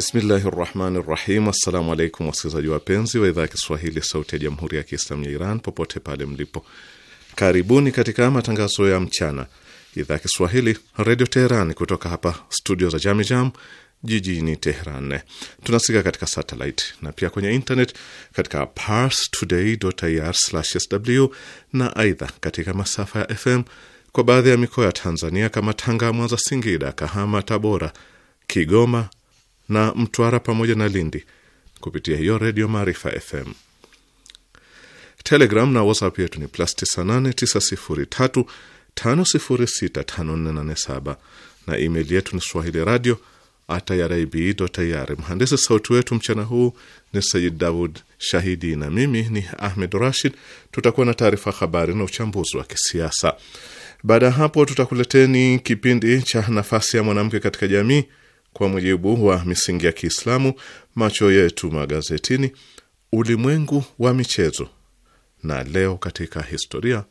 Bismillahi rahmani rahim. Assalamu alaikum wasikilizaji wapenzi wa idhaa ya Kiswahili sauti ya jamhuri ya Kiislamu ya Iran popote pale mlipo, karibuni katika matangazo ya mchana idhaa ya Kiswahili redio Teheran kutoka hapa studio za Jamijam jijini Teheran. Tunasikika katika satelit na pia kwenye internet katika parstoday.ir/sw na aidha katika masafa ya FM kwa baadhi ya mikoa ya Tanzania kama Tanga, Mwanza, Singida, Kahama, Tabora, Kigoma na Mtwara pamoja na Lindi kupitia hiyo Redio Maarifa FM. Telegram na WhatsApp yetu ni plus 98 na email yetu ni swahili radio irib.ir. Mhandisi sauti wetu mchana huu ni Sayid Daud Shahidi na mimi ni Ahmed Rashid. Tutakuwa na taarifa habari na uchambuzi wa kisiasa. Baada ya hapo, tutakuleteni kipindi cha nafasi ya mwanamke katika jamii kwa mujibu wa misingi ya Kiislamu, macho yetu magazetini, ulimwengu wa michezo na leo katika historia,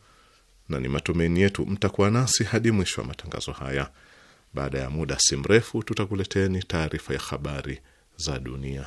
na ni matumaini yetu mtakuwa nasi hadi mwisho wa matangazo haya. Baada ya muda si mrefu, tutakuleteni taarifa ya habari za dunia.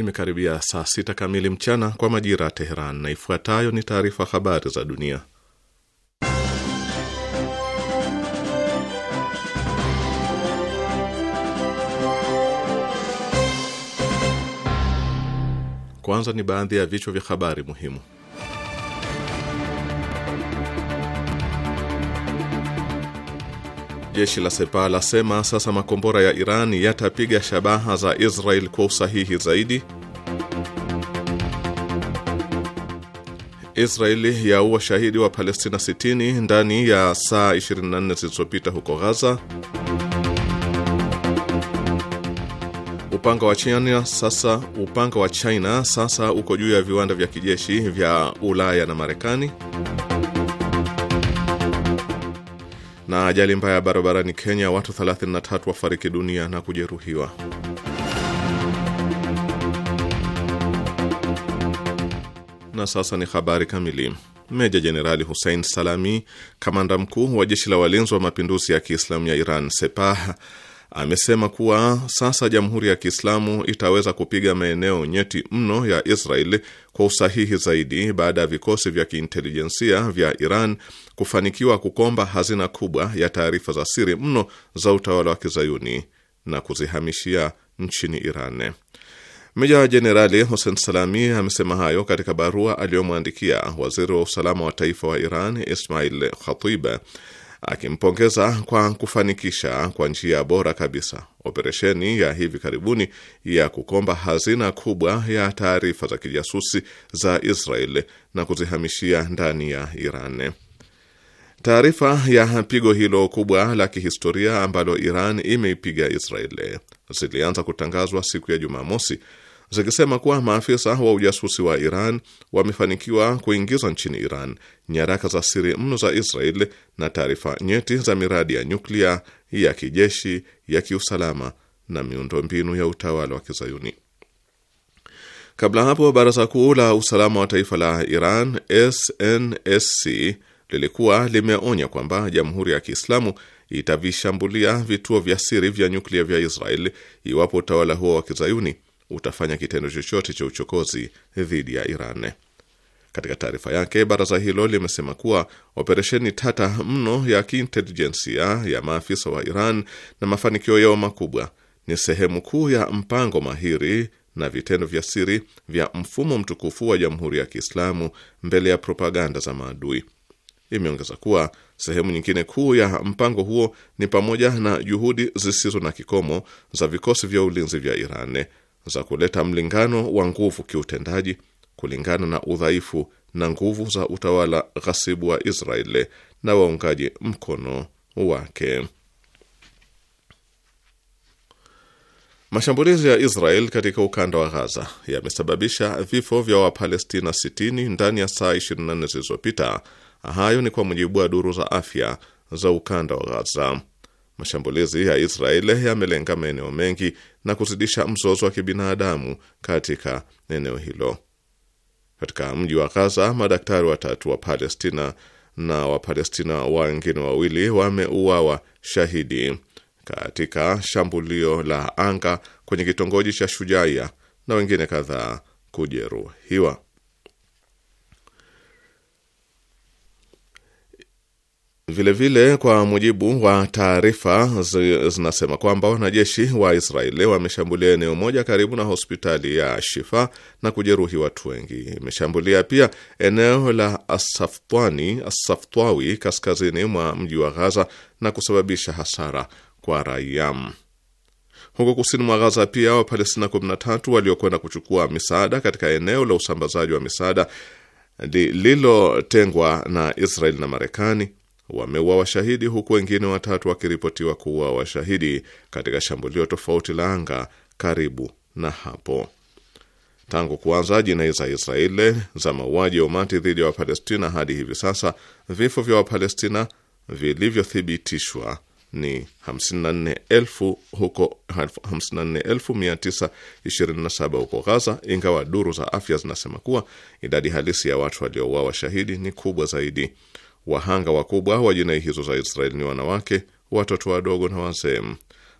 imekaribia saa sita kamili mchana kwa majira ya Teheran, na ifuatayo ni taarifa habari za dunia. Kwanza ni baadhi ya vichwa vya habari muhimu. Jeshi la Sepa lasema sasa makombora ya Iran yatapiga shabaha za Israel kwa usahihi zaidi. Israel yaua shahidi wa Palestina 60 ndani ya saa 24 zilizopita huko Gaza. Upanga wa China sasa, upanga wa China sasa uko juu ya viwanda vya kijeshi vya Ulaya na Marekani. Na ajali mbaya ya barabarani Kenya, watu 33 wafariki dunia na kujeruhiwa. Na sasa ni habari kamili. Meja Jenerali Hussein Salami, kamanda mkuu wa jeshi la walinzi wa mapinduzi ya Kiislamu ya Iran Sepah amesema kuwa sasa Jamhuri ya Kiislamu itaweza kupiga maeneo nyeti mno ya Israeli kwa usahihi zaidi baada ya vikosi vya kiintelijensia vya Iran kufanikiwa kukomba hazina kubwa ya taarifa za siri mno za utawala wa Kizayuni na kuzihamishia nchini Iran. Meja wa Jenerali Hossein Salami amesema hayo katika barua aliyomwandikia waziri wa usalama wa taifa wa Iran Ismail Khatib akimpongeza kwa kufanikisha kwa njia bora kabisa operesheni ya hivi karibuni ya kukomba hazina kubwa ya taarifa za kijasusi za Israel na kuzihamishia ndani ya Iran. Taarifa ya pigo hilo kubwa la kihistoria ambalo Iran imeipiga Israel zilianza kutangazwa siku ya Jumamosi zikisema kuwa maafisa wa ujasusi wa Iran wamefanikiwa kuingiza nchini Iran nyaraka za siri mno za Israel na taarifa nyeti za miradi ya nyuklia, ya kijeshi, ya kiusalama na miundombinu ya utawala wa Kizayuni. Kabla hapo, Baraza Kuu la Usalama wa Taifa la Iran SNSC lilikuwa limeonya kwamba Jamhuri ya Kiislamu itavishambulia vituo vya siri vya nyuklia vya Israel iwapo utawala huo wa Kizayuni utafanya kitendo chochote cha uchokozi dhidi ya Iran. Katika taarifa yake, baraza hilo limesema kuwa operesheni tata mno ya kiintelijensia ya maafisa wa Iran na mafanikio yao makubwa ni sehemu kuu ya mpango mahiri na vitendo vya siri vya mfumo mtukufu wa Jamhuri ya Kiislamu mbele ya propaganda za maadui. Imeongeza kuwa sehemu nyingine kuu ya mpango huo ni pamoja na juhudi zisizo na kikomo za vikosi vya ulinzi vya Iran za kuleta mlingano wa nguvu kiutendaji kulingana na udhaifu na nguvu za utawala ghasibu wa Israeli na waungaji mkono wake. Mashambulizi ya Israel katika ukanda wa Ghaza yamesababisha vifo vya Wapalestina 60 ndani ya saa 24 zilizopita. Hayo ni kwa mujibu wa duru za afya za ukanda wa Ghaza. Mashambulizi ya Israel yamelenga maeneo mengi na kuzidisha mzozo wa kibinadamu katika eneo hilo. Katika mji wa Gaza, madaktari watatu wa Palestina na Wapalestina wengine wawili wameuawa shahidi katika shambulio la anga kwenye kitongoji cha Shujaia na wengine kadhaa kujeruhiwa. Vilevile vile kwa mujibu wa taarifa zinasema kwamba wanajeshi wa Israeli wameshambulia eneo moja karibu na hospitali ya Shifa na kujeruhi watu wengi. Imeshambulia pia eneo la Asaftwani, Asaftwawi kaskazini mwa mji wa Ghaza na kusababisha hasara kwa raia. Huko kusini mwa ghaza pia Wapalestina 13 waliokwenda kuchukua misaada katika eneo la usambazaji wa misaada lililotengwa na Israeli na Marekani wameua washahidi huku wengine watatu wakiripotiwa kuua washahidi katika shambulio tofauti la anga karibu na hapo. Tangu kuanza jinai za Israeli za mauaji ya umati dhidi ya Wapalestina hadi hivi sasa vifo vya Wapalestina vilivyothibitishwa ni 54,000 huko 54,927 huko Gaza, ingawa duru za afya zinasema kuwa idadi halisi ya watu waliouawa shahidi ni kubwa zaidi. Wahanga wakubwa wa jinai hizo za Israeli ni wanawake, watoto wadogo na wazee.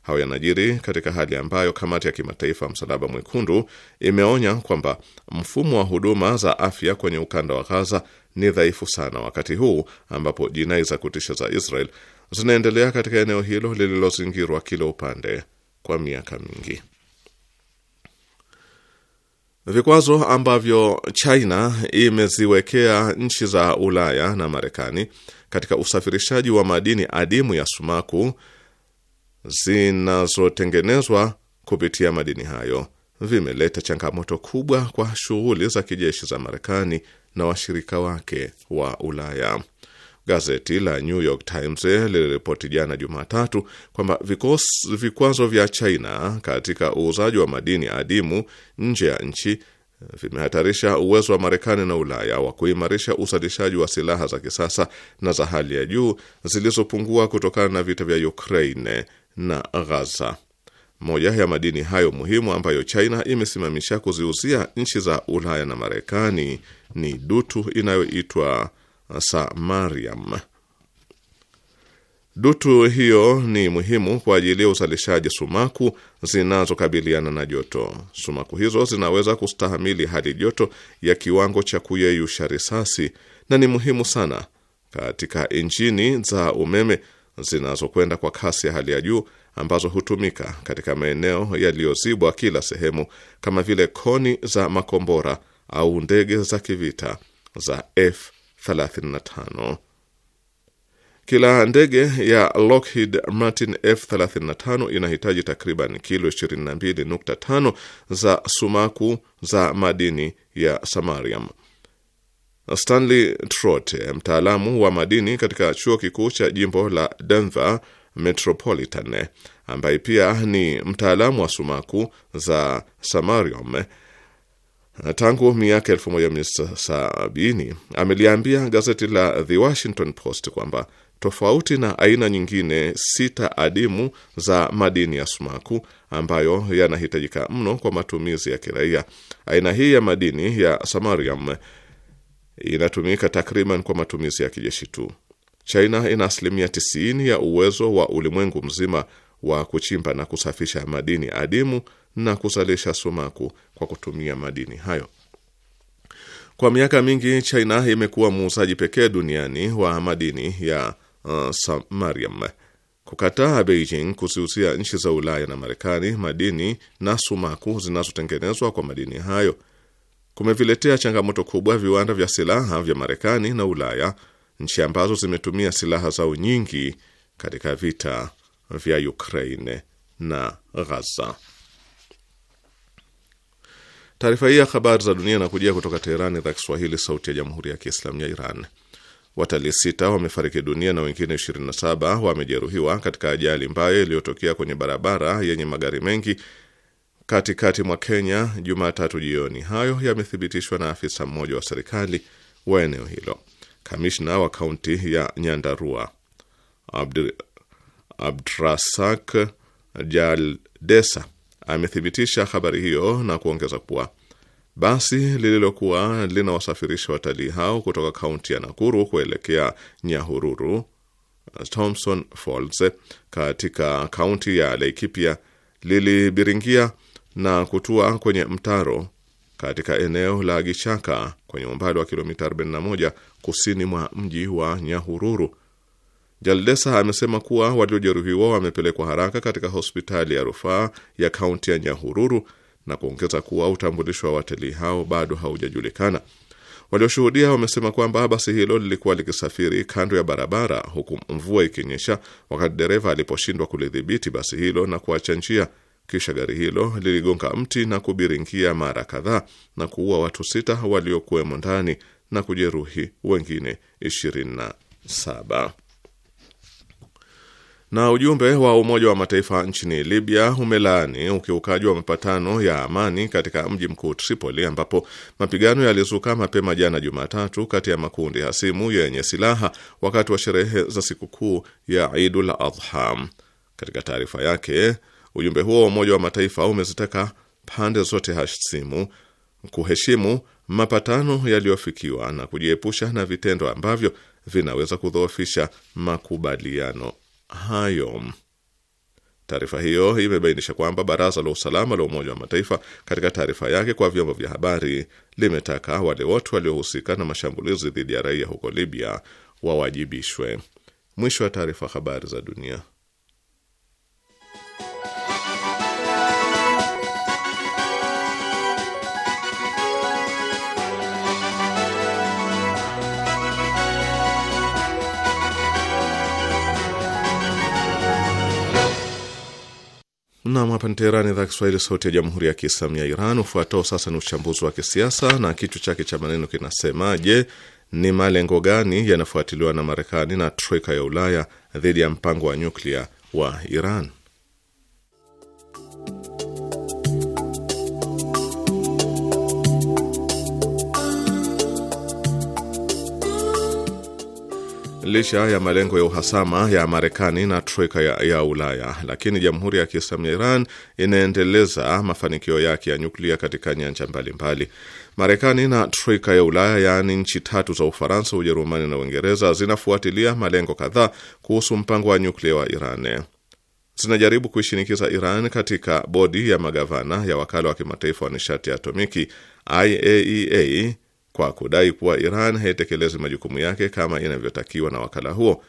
Hayo yanajiri katika hali ambayo kamati ya kimataifa Msalaba Mwekundu imeonya kwamba mfumo wa huduma za afya kwenye ukanda wa Gaza ni dhaifu sana, wakati huu ambapo jinai za kutisha za Israel zinaendelea katika eneo hilo lililozingirwa kila upande kwa miaka mingi. Vikwazo ambavyo China imeziwekea nchi za Ulaya na Marekani katika usafirishaji wa madini adimu ya sumaku zinazotengenezwa kupitia madini hayo vimeleta changamoto kubwa kwa shughuli za kijeshi za Marekani na washirika wake wa Ulaya. Gazeti la New York Times liliripoti jana Jumatatu kwamba vikwazo vya China katika uuzaji wa madini adimu nje ya nchi eh, vimehatarisha uwezo wa Marekani na Ulaya wa kuimarisha uzalishaji wa silaha za kisasa na za hali ya juu zilizopungua kutokana na vita vya Ukraine na Gaza. Moja ya madini hayo muhimu ambayo China imesimamisha kuziuzia nchi za Ulaya na Marekani ni dutu inayoitwa Mariam. Dutu hiyo ni muhimu kwa ajili ya uzalishaji sumaku zinazokabiliana na joto. Sumaku hizo zinaweza kustahamili hali joto ya kiwango cha kuyeyusha risasi na ni muhimu sana katika injini za umeme zinazokwenda kwa kasi ya hali ya juu ambazo hutumika katika maeneo yaliyozibwa kila sehemu kama vile koni za makombora au ndege za kivita za F 35 Kila ndege ya Lockheed Martin F35 inahitaji takriban kilo 22.5 za sumaku za madini ya samarium. Stanley trot mtaalamu wa madini katika chuo kikuu cha jimbo la Denver Metropolitan, ambaye pia ni mtaalamu wa sumaku za samarium tangu miaka sabini ameliambia gazeti la The Washington Post kwamba tofauti na aina nyingine sita adimu za madini ya sumaku ambayo yanahitajika mno kwa matumizi ya kiraia, aina hii ya madini ya samarium inatumika takriban kwa matumizi ya kijeshi tu. China ina asilimia 90 ya uwezo wa ulimwengu mzima wa kuchimba na kusafisha madini adimu na kuzalisha sumaku kwa kutumia madini hayo. Kwa miaka mingi China imekuwa muuzaji pekee duniani wa madini ya uh, samarium. Kukataa Beijing kuziuzia nchi za Ulaya na Marekani madini na sumaku zinazotengenezwa kwa madini hayo kumeviletea changamoto kubwa viwanda vya silaha vya Marekani na Ulaya, nchi ambazo zimetumia silaha zao nyingi katika vita vya Ukraine na Ghaza. Taarifa hii ya habari za dunia inakujia kutoka Teherani, idhaa Kiswahili, sauti ya jamhuri ya kiislamu ya Iran. Watalii sita wamefariki dunia na wengine 27 wamejeruhiwa katika ajali mbaya iliyotokea kwenye barabara yenye magari mengi katikati mwa Kenya Jumatatu jioni. Hayo yamethibitishwa na afisa mmoja wa serikali wa eneo hilo. Kamishna wa kaunti ya Nyandarua Abdrasak Jaldesa amethibitisha habari hiyo na kuongeza kuwa basi lililokuwa linawasafirisha watalii hao kutoka kaunti ya Nakuru kuelekea Nyahururu, Thompson Falls katika kaunti ya Laikipia lilibiringia na kutua kwenye mtaro katika eneo la Gichaka kwenye umbali wa kilomita 41 kusini mwa mji wa Nyahururu Jaldesa amesema kuwa waliojeruhiwa wamepelekwa haraka katika hospitali ya rufaa ya kaunti ya Nyahururu na kuongeza kuwa utambulisho wa watalii hao bado haujajulikana. Walioshuhudia wamesema kwamba basi hilo lilikuwa likisafiri kando ya barabara huku mvua ikinyesha, wakati dereva aliposhindwa kulidhibiti basi hilo na kuacha njia. Kisha gari hilo liligonga mti na kubiringia mara kadhaa na kuua watu sita waliokuwemo ndani na kujeruhi wengine 27. Na ujumbe wa Umoja wa Mataifa nchini Libya umelaani ukiukaji wa mapatano ya amani katika mji mkuu Tripoli, ambapo mapigano yalizuka mapema jana Jumatatu kati ya makundi hasimu yenye silaha wakati wa sherehe za sikukuu ya Idul Adha. Katika taarifa yake, ujumbe huo wa Umoja wa Mataifa umezitaka pande zote hasimu kuheshimu mapatano yaliyofikiwa na kujiepusha na vitendo ambavyo vinaweza kudhoofisha makubaliano hayo. Taarifa hiyo imebainisha kwamba baraza la usalama la Umoja wa Mataifa katika taarifa yake kwa vyombo vya habari limetaka wale wote waliohusika na mashambulizi dhidi ya raia huko Libya wawajibishwe. Mwisho wa taarifa. Habari za dunia. Nam, hapa ni Teherani, idhaa Kiswahili, sauti ya jamhuri ya kiislamu ya Iran. Ufuatao sasa ni uchambuzi wa kisiasa na kichwa chake cha maneno kinasema: Je, ni malengo gani yanafuatiliwa na Marekani na troika ya Ulaya dhidi ya mpango wa nyuklia wa Iran? Licha ya malengo ya uhasama ya Marekani na troika ya, ya Ulaya, lakini Jamhuri ya Kiislamu ya Iran inaendeleza mafanikio yake ya nyuklia katika nyanja mbalimbali. Marekani na troika ya Ulaya, yaani nchi tatu za Ufaransa, Ujerumani na Uingereza, zinafuatilia malengo kadhaa kuhusu mpango wa nyuklia wa Iran. Zinajaribu kuishinikiza Iran katika bodi ya magavana ya wakala wa kimataifa wa nishati ya atomiki IAEA e kwa kudai kuwa Iran haitekelezi majukumu yake kama inavyotakiwa na wakala huo.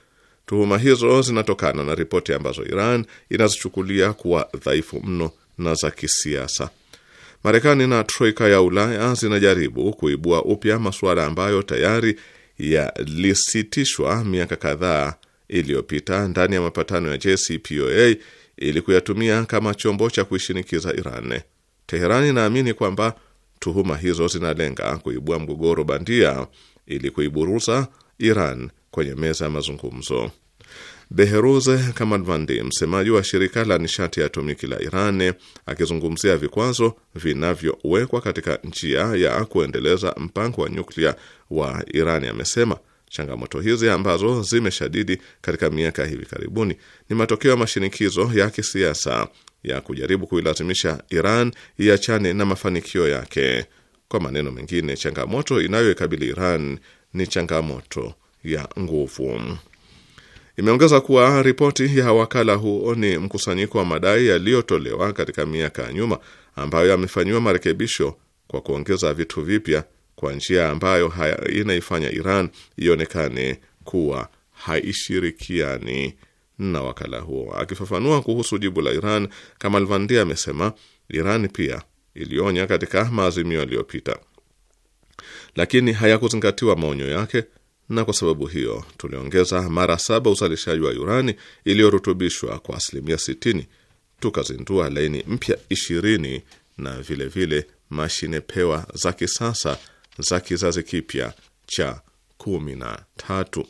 Tuhuma hizo zinatokana na ripoti ambazo Iran inazichukulia kuwa dhaifu mno na za kisiasa. Marekani na troika ya Ulaya zinajaribu kuibua upya masuala ambayo tayari yalisitishwa miaka kadhaa iliyopita ndani ya mapatano ya JCPOA ili kuyatumia kama chombo cha kuishinikiza Iran. Teherani inaamini kwamba Tuhuma hizo zinalenga kuibua mgogoro bandia ili kuiburuza Iran kwenye meza ya mazungumzo. Behruz Kamalvandi, msemaji wa shirika la nishati ya atomiki la Iran, akizungumzia vikwazo vinavyowekwa katika njia ya kuendeleza mpango wa nyuklia wa Iran, amesema changamoto hizi ambazo zimeshadidi katika miaka hivi karibuni ni matokeo ya mashinikizo ya kisiasa ya kujaribu kuilazimisha Iran iachane na mafanikio yake. Kwa maneno mengine, changamoto inayoikabili Iran ni changamoto ya nguvu. Imeongeza kuwa ripoti ya wakala huo ni mkusanyiko wa madai yaliyotolewa katika miaka ya nyuma ambayo yamefanyiwa marekebisho kwa kuongeza vitu vipya kwa njia ambayo inaifanya Iran ionekane kuwa haishirikiani na wakala huo. Akifafanua kuhusu jibu la Iran, Kamal Vandia amesema Iran pia ilionya katika maazimio yaliyopita, lakini hayakuzingatiwa maonyo yake, na kwa sababu hiyo tuliongeza mara saba uzalishaji wa urani iliyorutubishwa kwa asilimia 60, tukazindua laini mpya 20 na vilevile mashine pewa za kisasa za kizazi kipya cha tatu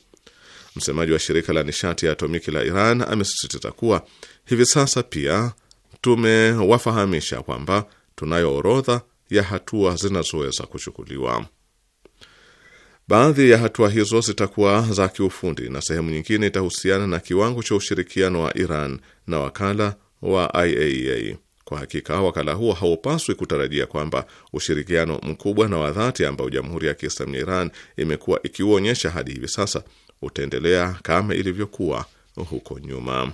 Msemaji wa shirika la nishati ya atomiki la Iran amesisitiza kuwa hivi sasa pia tumewafahamisha kwamba tunayo orodha ya hatua zinazoweza kuchukuliwa. Baadhi ya hatua hizo zitakuwa za kiufundi na sehemu nyingine itahusiana na kiwango cha ushirikiano wa Iran na wakala wa IAEA. E. Kwa hakika wakala huo haupaswi kutarajia kwamba ushirikiano mkubwa na wa dhati ambao Jamhuri ya Kiislamu ya Iran imekuwa ikiuonyesha hadi hivi sasa utaendelea kama ilivyokuwa huko nyuma.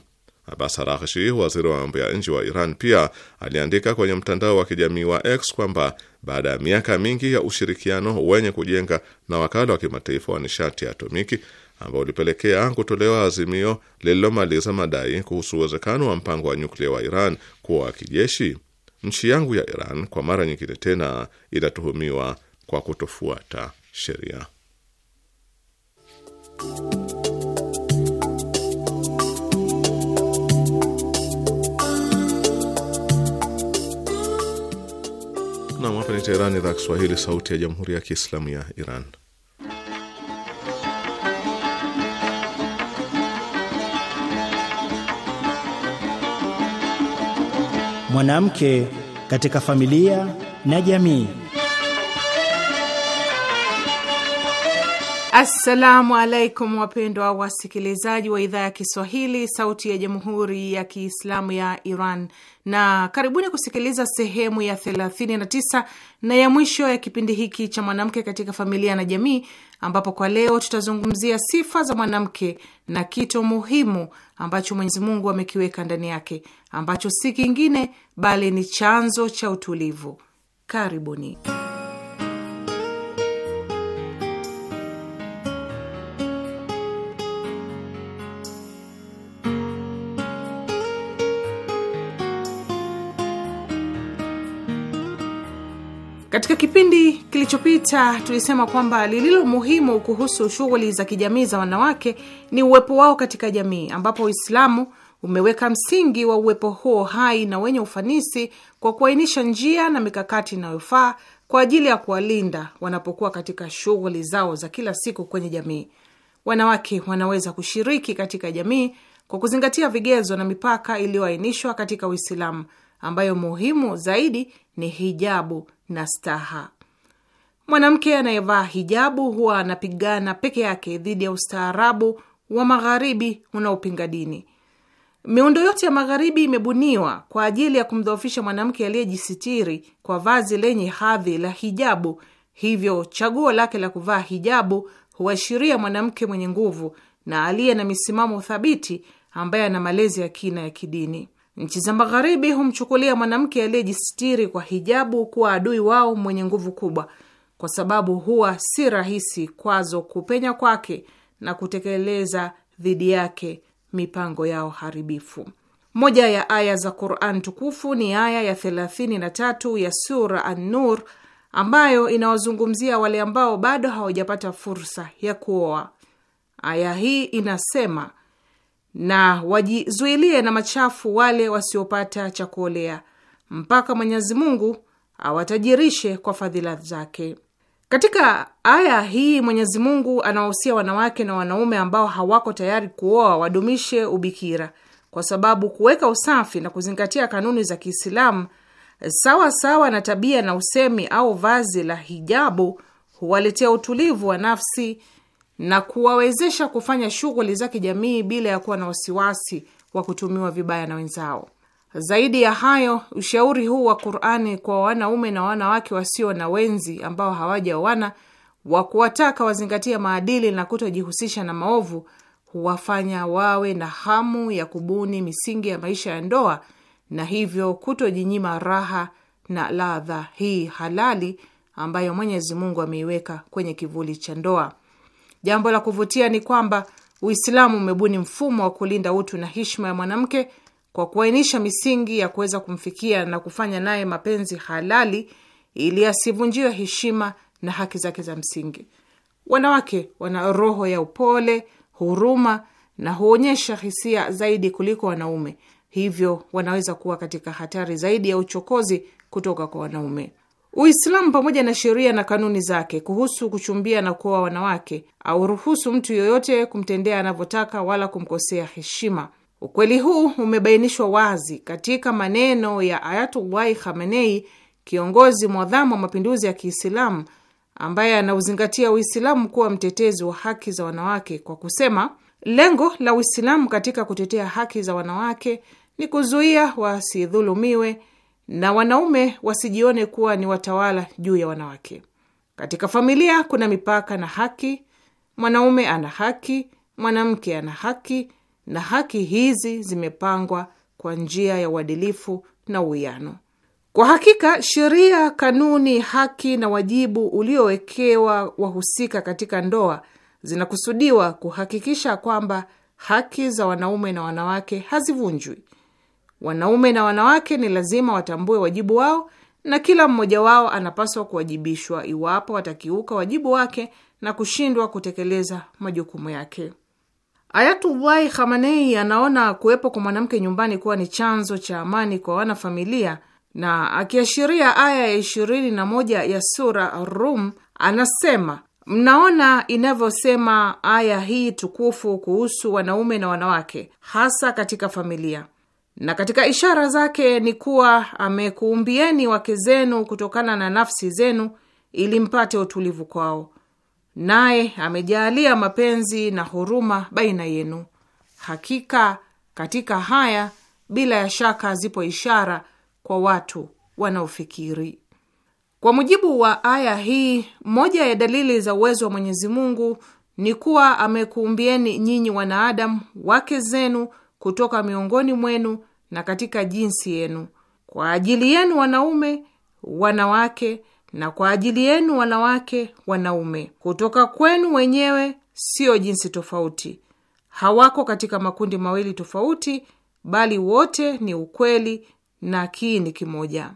Abbas Araghchi, waziri wa mambo ya nje wa Iran, pia aliandika kwenye mtandao wa kijamii wa X kwamba baada ya miaka mingi ya ushirikiano wenye kujenga na wakala wa kimataifa wa nishati ya atomiki ambao ulipelekea kutolewa azimio lililomaliza madai kuhusu uwezekano wa mpango wa nyuklia wa Iran kuwa wa kijeshi, nchi yangu ya Iran kwa mara nyingine tena inatuhumiwa kwa kutofuata sheria. Nam, hapa ni idhaa Kiswahili, sauti ya jamhuri ya kiislamu ya Iran. Mwanamke katika familia na jamii. Assalamu alaikum wapendwa wasikilizaji wa idhaa ya Kiswahili sauti ya jamhuri ya Kiislamu ya Iran, na karibuni kusikiliza sehemu ya 39 na ya mwisho ya kipindi hiki cha mwanamke katika familia na jamii, ambapo kwa leo tutazungumzia sifa za mwanamke na kito muhimu ambacho Mwenyezi Mungu amekiweka ndani yake ambacho si kingine bali ni chanzo cha utulivu. Karibuni. Katika kipindi kilichopita tulisema kwamba lililo muhimu kuhusu shughuli za kijamii za wanawake ni uwepo wao katika jamii, ambapo Uislamu umeweka msingi wa uwepo huo hai na wenye ufanisi kwa kuainisha njia na mikakati inayofaa kwa ajili ya kuwalinda wanapokuwa katika shughuli zao za kila siku kwenye jamii. Wanawake wanaweza kushiriki katika jamii kwa kuzingatia vigezo na mipaka iliyoainishwa katika Uislamu, ambayo muhimu zaidi ni hijabu na staha. Mwanamke anayevaa hijabu huwa anapigana peke yake dhidi ya ustaarabu wa magharibi unaopinga dini. Miundo yote ya magharibi imebuniwa kwa ajili ya kumdhoofisha mwanamke aliyejisitiri kwa vazi lenye hadhi la hijabu. Hivyo chaguo lake la kuvaa hijabu huashiria mwanamke mwenye nguvu na aliye na misimamo thabiti ambaye ana malezi ya kina ya kidini. Nchi za Magharibi humchukulia mwanamke aliyejistiri kwa hijabu kuwa adui wao mwenye nguvu kubwa, kwa sababu huwa si rahisi kwazo kupenya kwake na kutekeleza dhidi yake mipango yao haribifu. Moja ya aya za Quran tukufu ni aya ya 33 ya sura An-Nur ambayo inawazungumzia wale ambao bado hawajapata fursa ya kuoa. Aya hii inasema na wajizuilie na machafu wale wasiopata cha kuolea mpaka Mwenyezi Mungu awatajirishe kwa fadhila zake. Katika aya hii Mwenyezi Mungu anawahusia wanawake na wanaume ambao hawako tayari kuoa wadumishe ubikira, kwa sababu kuweka usafi na kuzingatia kanuni za Kiislamu sawa sawa na tabia na usemi au vazi la hijabu huwaletea utulivu wa nafsi na kuwawezesha kufanya shughuli za kijamii bila ya kuwa na wasiwasi wa kutumiwa vibaya na wenzao. Zaidi ya hayo, ushauri huu wa Qur'ani kwa wanaume na wanawake wasio na wenzi ambao hawajaoana wa kuwataka wazingatia maadili na kutojihusisha na maovu huwafanya wawe na hamu ya kubuni misingi ya maisha ya ndoa na hivyo kutojinyima raha na ladha hii halali ambayo Mwenyezi Mungu ameiweka kwenye kivuli cha ndoa. Jambo la kuvutia ni kwamba Uislamu umebuni mfumo wa kulinda utu na heshima ya mwanamke kwa kuainisha misingi ya kuweza kumfikia na kufanya naye mapenzi halali ili asivunjiwe heshima na haki zake za msingi. Wanawake wana roho ya upole, huruma na huonyesha hisia zaidi kuliko wanaume, hivyo wanaweza kuwa katika hatari zaidi ya uchokozi kutoka kwa wanaume. Uislamu pamoja na sheria na kanuni zake kuhusu kuchumbia na kuoa wanawake auruhusu mtu yoyote kumtendea anavyotaka wala kumkosea heshima. Ukweli huu umebainishwa wazi katika maneno ya Ayatullahi Khamenei, kiongozi mwadhamu wa mapinduzi ya Kiislamu ambaye anauzingatia Uislamu kuwa mtetezi wa haki za wanawake kwa kusema, lengo la Uislamu katika kutetea haki za wanawake ni kuzuia wasidhulumiwe na wanaume wasijione kuwa ni watawala juu ya wanawake. Katika familia kuna mipaka na haki. Mwanaume ana haki, mwanamke ana haki, na haki hizi zimepangwa kwa njia ya uadilifu na uwiano. Kwa hakika, sheria, kanuni, haki na wajibu uliowekewa wahusika katika ndoa zinakusudiwa kuhakikisha kwamba haki za wanaume na wanawake hazivunjwi Wanaume na wanawake ni lazima watambue wajibu wao na kila mmoja wao anapaswa kuwajibishwa iwapo watakiuka wajibu wake na kushindwa kutekeleza majukumu yake. Ayatullahi Khamenei anaona kuwepo kwa mwanamke nyumbani kuwa ni chanzo cha amani kwa wanafamilia, na akiashiria aya ya ishirini na moja ya sura Rum anasema, mnaona inavyosema aya hii tukufu kuhusu wanaume na wanawake, hasa katika familia na katika ishara zake ni kuwa amekuumbieni wake zenu kutokana na nafsi zenu ili mpate utulivu kwao, naye amejaalia mapenzi na huruma baina yenu. Hakika katika haya bila ya shaka zipo ishara kwa watu wanaofikiri. Kwa mujibu wa aya hii, moja ya dalili za uwezo wa Mwenyezi Mungu ni kuwa amekuumbieni nyinyi wanaadamu wake zenu kutoka miongoni mwenu na katika jinsi yenu, kwa ajili yenu wanaume, wanawake, na kwa ajili yenu wanawake, wanaume, kutoka kwenu wenyewe, siyo jinsi tofauti. Hawako katika makundi mawili tofauti, bali wote ni ukweli na kiini kimoja.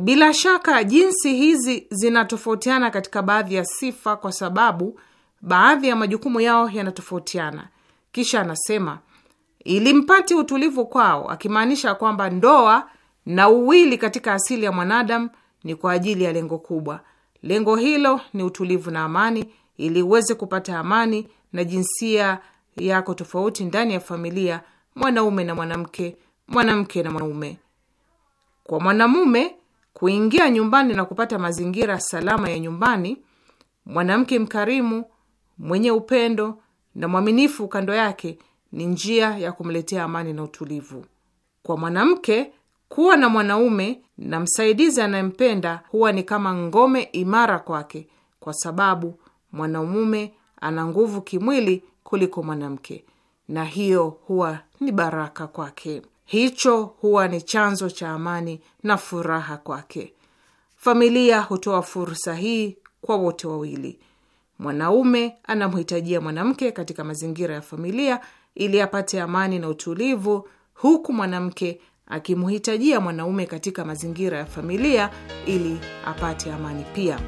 Bila shaka jinsi hizi zinatofautiana katika baadhi ya sifa, kwa sababu baadhi ya majukumu yao yanatofautiana. Kisha anasema ili mpate utulivu kwao, akimaanisha kwamba ndoa na uwili katika asili ya mwanadamu ni kwa ajili ya lengo kubwa. Lengo hilo ni utulivu na amani, ili uweze kupata amani na jinsia yako tofauti ndani ya familia, mwanaume na mwanamke, mwanamke na mwanaume. Kwa mwanamume kuingia nyumbani na kupata mazingira salama ya nyumbani, mwanamke mkarimu, mwenye upendo na mwaminifu kando yake ni njia ya kumletea amani na utulivu. Kwa mwanamke, kuwa na mwanaume na msaidizi anayempenda huwa ni kama ngome imara kwake, kwa sababu mwanamume ana nguvu kimwili kuliko mwanamke, na hiyo huwa ni baraka kwake. Hicho huwa ni chanzo cha amani na furaha kwake. Familia hutoa fursa hii kwa wote wawili. Mwanaume anamhitajia mwanamke katika mazingira ya familia ili apate amani na utulivu, huku mwanamke akimhitajia mwanaume katika mazingira ya familia ili apate amani pia.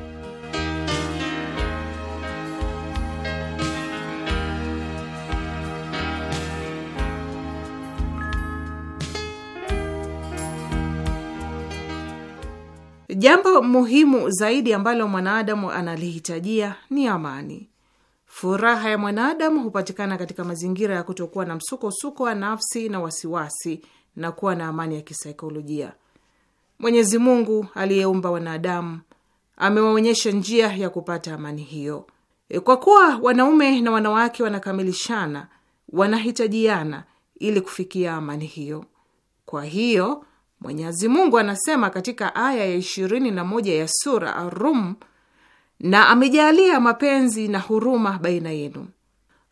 Jambo muhimu zaidi ambalo mwanadamu analihitajia ni amani. Furaha ya mwanadamu hupatikana katika mazingira ya kutokuwa na msukosuko wa nafsi na wasiwasi na kuwa na amani ya kisaikolojia. Mwenyezi Mungu aliyeumba wanadamu amewaonyesha njia ya kupata amani hiyo. E, kwa kuwa wanaume na wanawake wanakamilishana, wanahitajiana ili kufikia amani hiyo. Kwa hiyo Mwenyezi Mungu anasema katika aya ya 21 ya sura Arum na amejaalia mapenzi na huruma baina yenu.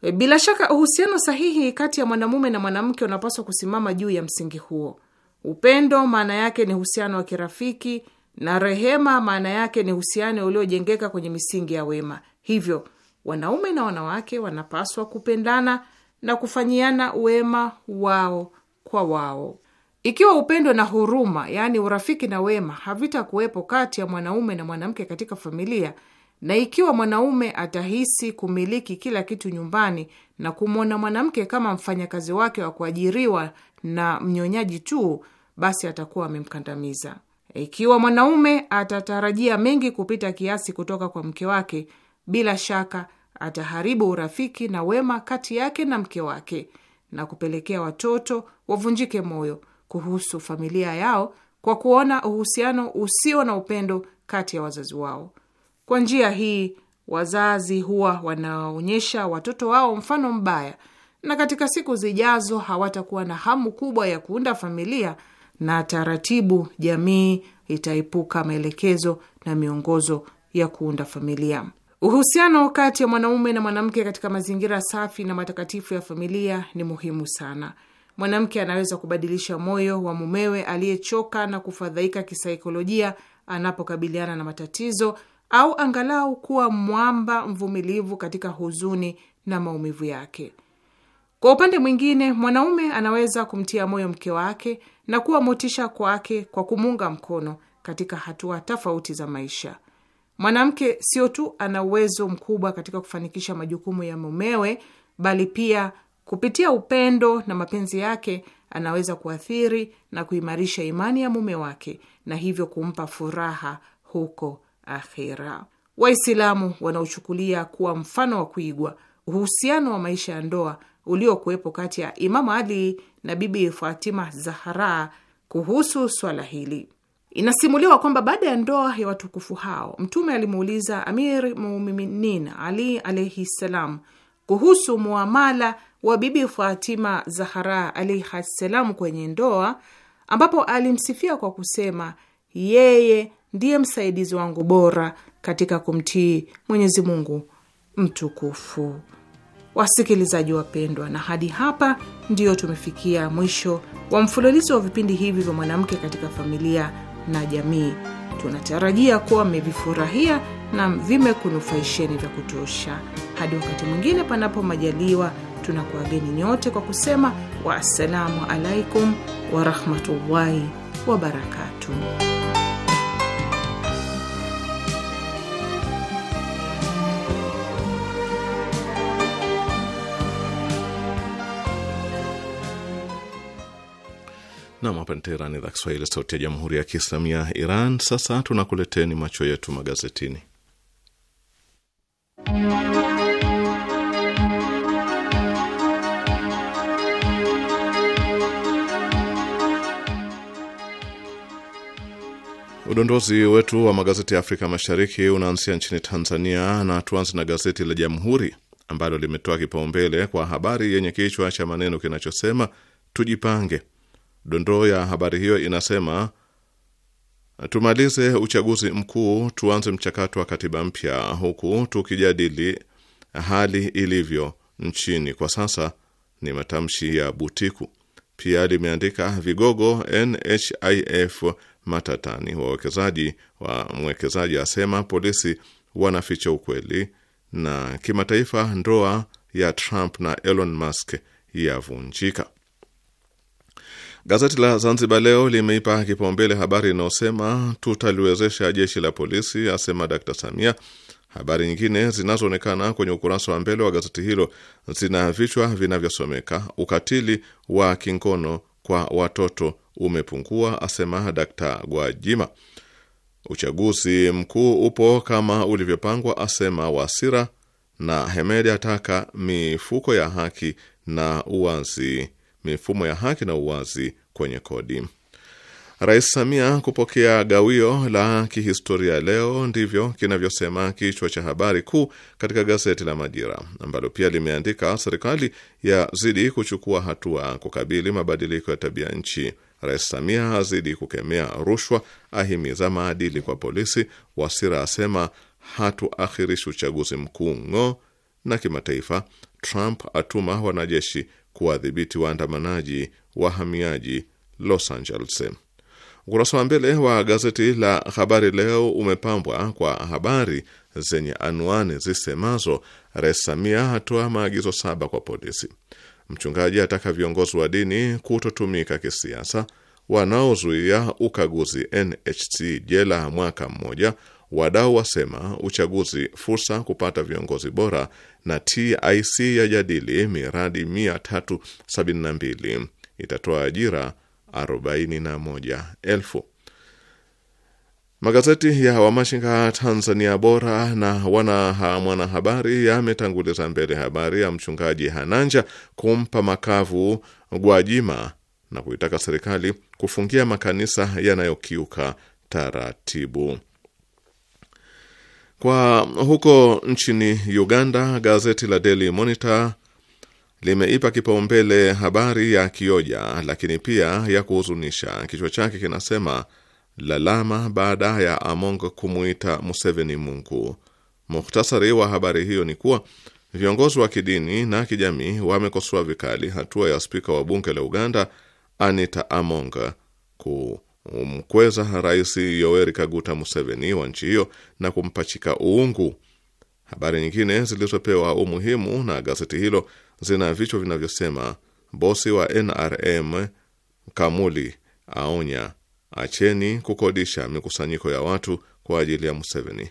E, bila shaka uhusiano sahihi kati ya mwanamume na mwanamke unapaswa kusimama juu ya msingi huo. Upendo maana yake ni uhusiano wa kirafiki, na rehema maana yake ni uhusiano uliojengeka kwenye misingi ya wema. Hivyo wanaume na wanawake wanapaswa kupendana na kufanyiana wema wao kwa wao. Ikiwa upendo na huruma, yaani urafiki na wema, havitakuwepo kati ya mwanaume na mwanamke katika familia na ikiwa mwanaume atahisi kumiliki kila kitu nyumbani na kumwona mwanamke kama mfanyakazi wake wa kuajiriwa na mnyonyaji tu, basi atakuwa amemkandamiza. Ikiwa mwanaume atatarajia mengi kupita kiasi kutoka kwa mke wake, bila shaka ataharibu urafiki na wema kati yake na mke wake na kupelekea watoto wavunjike moyo kuhusu familia yao kwa kuona uhusiano usio na upendo kati ya wazazi wao. Kwa njia hii wazazi huwa wanaonyesha watoto wao mfano mbaya, na katika siku zijazo hawatakuwa na hamu kubwa ya kuunda familia, na taratibu jamii itaepuka maelekezo na miongozo ya kuunda familia. Uhusiano kati ya mwanaume na mwanamke katika mazingira safi na matakatifu ya familia ni muhimu sana. Mwanamke anaweza kubadilisha moyo wa mumewe aliyechoka na kufadhaika kisaikolojia anapokabiliana na matatizo au angalau kuwa mwamba mvumilivu katika huzuni na maumivu yake. Kwa upande mwingine, mwanaume anaweza kumtia moyo mke wake na kuwa motisha kwake kwa kumuunga mkono katika hatua tofauti za maisha. Mwanamke sio tu ana uwezo mkubwa katika kufanikisha majukumu ya mumewe, bali pia kupitia upendo na mapenzi yake anaweza kuathiri na kuimarisha imani ya mume wake na hivyo kumpa furaha huko akhira. Waislamu wanaochukulia kuwa mfano wa kuigwa uhusiano wa maisha ya ndoa uliokuwepo kati ya Imamu Ali na Bibi Fatima Zahara. Kuhusu swala hili, inasimuliwa kwamba baada ya ndoa ya watukufu hao, Mtume alimuuliza Amir Muminin Ali alaihi ssalam kuhusu muamala wa Bibi Fatima Zahara alaihi ssalam kwenye ndoa, ambapo alimsifia kwa kusema yeye ndiye msaidizi wangu bora katika kumtii Mwenyezi Mungu mtukufu. Wasikilizaji wapendwa, na hadi hapa ndiyo tumefikia mwisho wa mfululizo wa vipindi hivi vya mwanamke katika familia na jamii. Tunatarajia kuwa mmevifurahia na vimekunufaisheni vya kutosha. Hadi wakati mwingine, panapo majaliwa, tunakuageni nyote kwa kusema waassalamu alaikum warahmatullahi wabarakatuh. Nam, hapa ni Teherani, idhaa Kiswahili, sauti ya jamhuri ya kiislamu ya Iran. Sasa tunakuleteni macho yetu magazetini. Udondozi wetu wa magazeti ya Afrika Mashariki unaanzia nchini Tanzania, na tuanze na gazeti la Jamhuri ambalo limetoa kipaumbele kwa habari yenye kichwa cha maneno kinachosema tujipange Dondoo ya habari hiyo inasema tumalize uchaguzi mkuu, tuanze mchakato wa katiba mpya, huku tukijadili hali ilivyo nchini kwa sasa. Ni matamshi ya Butiku. Pia limeandika vigogo NHIF matatani, wawekezaji wa mwekezaji asema polisi wanaficha ukweli, na kimataifa ndoa ya Trump na Elon Musk yavunjika. Gazeti la Zanzibar Leo limeipa kipaumbele habari inayosema tutaliwezesha jeshi la polisi, asema Dkt Samia. Habari nyingine zinazoonekana kwenye ukurasa wa mbele wa gazeti hilo zina vichwa vinavyosomeka ukatili wa kingono kwa watoto umepungua, asema Dkt Gwajima. Uchaguzi mkuu upo kama ulivyopangwa, asema Wasira, na Hemedi ataka mifuko ya haki na uwazi mifumo ya haki na uwazi kwenye kodi. Rais Samia kupokea gawio la kihistoria leo, ndivyo kinavyosema kichwa cha habari kuu katika gazeti la Majira, ambalo pia limeandika serikali yazidi kuchukua hatua kukabili mabadiliko ya tabia nchi. Rais Samia azidi kukemea rushwa, ahimiza maadili kwa polisi. Wasira asema hatuakhirishi uchaguzi mkuu ng'o. Na kimataifa, Trump atuma wanajeshi kuwadhibiti waandamanaji wahamiaji Los Angeles. Ukurasa wa mbele wa gazeti la Habari Leo umepambwa kwa habari zenye anwani zisemazo Rais Samia hatoa maagizo saba kwa polisi, mchungaji ataka viongozi wa dini kutotumika kisiasa, wanaozuia ukaguzi NHC jela mwaka mmoja Wadau wasema uchaguzi fursa kupata viongozi bora, na TIC yajadili miradi 372 itatoa ajira 41,000. Magazeti ya Wamachinga Tanzania Bora na wana Mwanahabari yametanguliza mbele habari ya mchungaji Hananja kumpa makavu Gwajima na kuitaka serikali kufungia makanisa yanayokiuka taratibu. Kwa huko nchini Uganda, gazeti la Daily Monitor limeipa kipaumbele habari ya kioja lakini pia ya kuhuzunisha. Kichwa chake kinasema lalama baada ya Among kumuita Museveni Mungu. Muhtasari wa habari hiyo ni kuwa viongozi wa kidini na kijamii wamekosoa vikali hatua ya spika wa bunge la Uganda Anita Among ku umkweza Rais Yoweri Kaguta Museveni wa nchi hiyo na kumpachika uungu. Habari nyingine zilizopewa umuhimu na gazeti hilo zina vichwa vinavyosema bosi wa NRM Kamuli aonya acheni kukodisha mikusanyiko ya watu kwa ajili ya Museveni.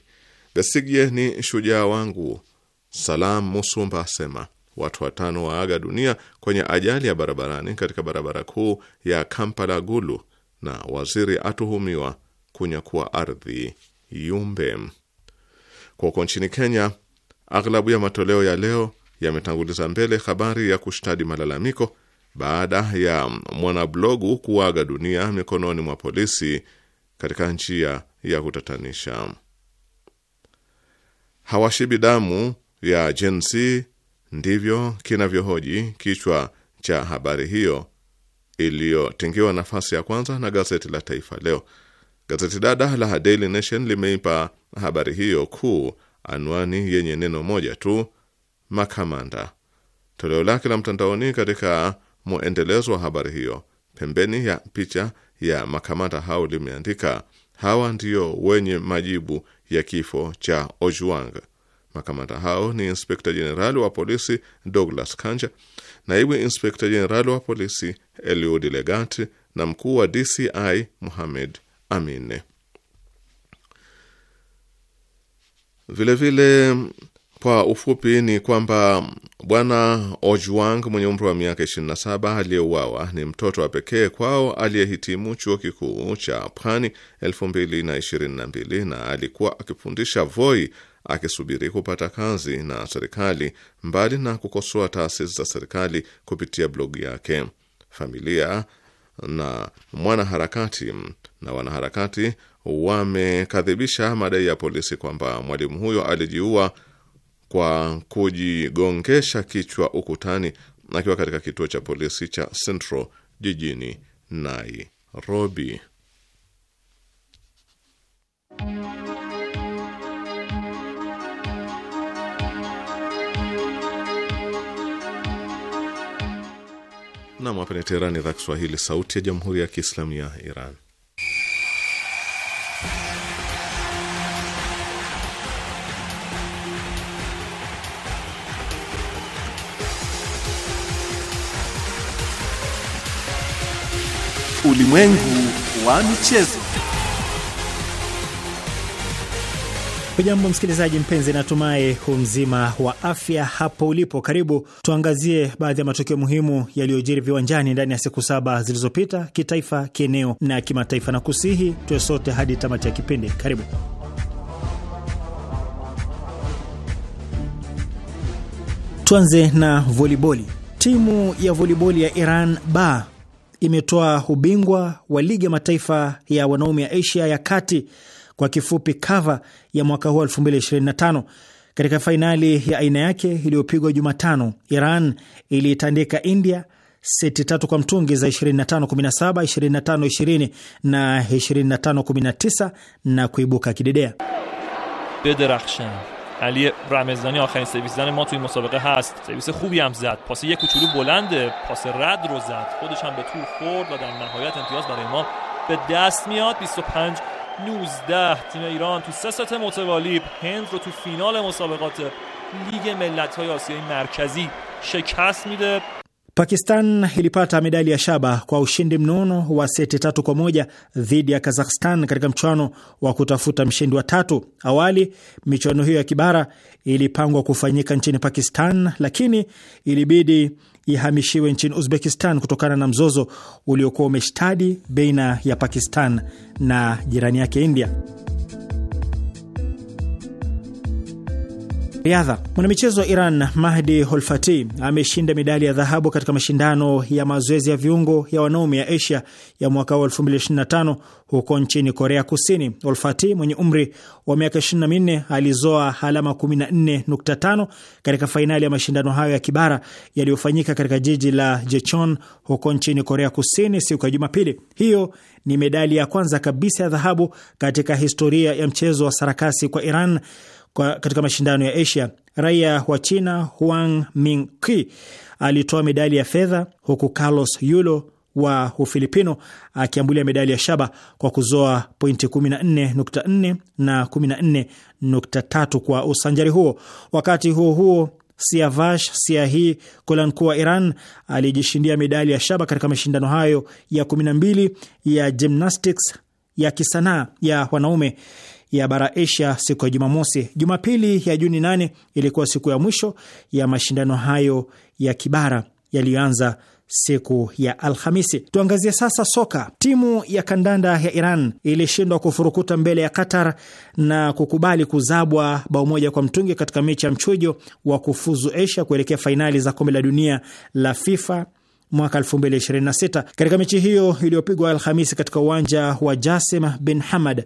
Besigye ni shujaa wangu, Salam Musumba asema. Watu watano waaga dunia kwenye ajali ya barabarani katika barabara kuu ya Kampala Gulu na waziri atuhumiwa kunyakua ardhi Yumbe. Kwa huko nchini Kenya, aghlabu ya matoleo ya leo yametanguliza mbele habari ya kushtadi malalamiko baada ya mwanablogu kuaga dunia mikononi mwa polisi katika njia ya kutatanisha. Hawashibi damu ya Gen Z, ndivyo kinavyohoji kichwa cha habari hiyo iliyotengewa nafasi ya kwanza na gazeti la Taifa Leo. Gazeti dada la Daily Nation limeipa habari hiyo kuu anwani yenye neno moja tu, makamanda. Toleo lake la mtandaoni katika mwendelezo wa habari hiyo, pembeni ya picha ya makamanda hao, limeandika hawa ndio wenye majibu ya kifo cha Ojuang. Makamanda hao ni Inspekta Jenerali wa polisi Douglas Kanja, naibu inspekta jenerali wa polisi Eliud Legat na mkuu wa DCI Mohamed Amin. Vilevile vile, kwa ufupi ni kwamba bwana Ojuang mwenye umri wa miaka 27 aliyeuawa ni mtoto wa pekee kwao aliyehitimu chuo kikuu cha Pwani 2022 na alikuwa akifundisha Voi akisubiri kupata kazi na serikali, mbali na kukosoa taasisi za serikali kupitia blogu yake. Familia na mwanaharakati na wanaharakati wamekadhibisha madai ya polisi kwamba mwalimu huyo alijiua kwa kujigongesha kichwa ukutani akiwa katika kituo cha polisi cha Central jijini Nairobi. Nam, hapa ni Teherani, idhaa Kiswahili, sauti ya jamhuri ya kiislamu ya Iran. Ulimwengu wa michezo. Hujambo msikilizaji mpenzi, natumai mzima wa afya hapo ulipo. Karibu tuangazie baadhi ya matukio muhimu yaliyojiri viwanjani ndani ya siku saba zilizopita, kitaifa, kieneo na kimataifa, na kusihi tuwe sote hadi tamati ya kipindi. Karibu. Tuanze na voliboli. Timu ya voliboli ya Iran ba imetoa ubingwa wa ligi ya mataifa ya wanaume ya Asia ya kati kwa kifupi kava ya mwaka huu 2025. Katika fainali ya aina yake iliyopigwa Jumatano, Iran iliitandika India seti tatu kwa mtungi za 25 17, na 25 na kuibuka kidedea. Ali Ramezani akhirin servis zan ma tuy musabaqe hast servis khubi ham zad pas ye kuchulu boland pas rad ro zad khodesh ham be tur khord va dar nihayat imtiyaz baraye ma be dast miyad 19 تیم ایران تو سه سات متوالی هند رو تو فینال مسابقات لیگ ملت‌های آسیای مرکزی شکست میده. Pakistan ilipata medali ya shaba kwa ushindi mnono wa seti tatu kwa moja dhidi ya Kazakhstan katika mchuano wa kutafuta mshindi wa tatu. Awali michuano hiyo ya kibara ilipangwa kufanyika nchini Pakistan, lakini ilibidi ihamishiwe nchini Uzbekistan kutokana na mzozo uliokuwa umeshtadi baina ya Pakistan na jirani yake India. riadha. Mwanamichezo wa Iran Mahdi Holfati ameshinda medali ya dhahabu katika mashindano ya mazoezi ya viungo ya wanaume ya Asia ya mwaka wa 2025 huko nchini Korea Kusini. Holfati mwenye umri wa miaka 24 alizoa alama 14.5 katika fainali ya mashindano hayo ya kibara yaliyofanyika katika jiji la Jechon huko nchini Korea Kusini siku ya Jumapili. Hiyo ni medali ya kwanza kabisa ya dhahabu katika historia ya mchezo wa sarakasi kwa Iran kwa katika mashindano ya Asia. Raia wa China Huang Mingqi alitoa medali ya fedha, huku Carlos Yulo wa Ufilipino akiambulia medali ya shaba kwa kuzoa pointi 14.4 na 14.3 kwa usanjari huo. Wakati huo huo Siavash Siahi Kolanku wa Iran alijishindia medali ya shaba katika mashindano hayo ya 12 ya gymnastics ya kisanaa ya wanaume ya bara Asia siku ya Jumamosi. Jumapili ya Juni nane ilikuwa siku ya mwisho ya mashindano hayo ya kibara yaliyoanza siku ya Alhamisi. Tuangazie sasa soka. Timu ya kandanda ya Iran ilishindwa kufurukuta mbele ya Qatar na kukubali kuzabwa bao moja kwa mtungi katika mechi ya mchujo wa kufuzu Asia kuelekea fainali za kombe la dunia la FIFA mwaka 2026. Katika mechi hiyo iliyopigwa Alhamisi katika uwanja wa Jasim bin Hamad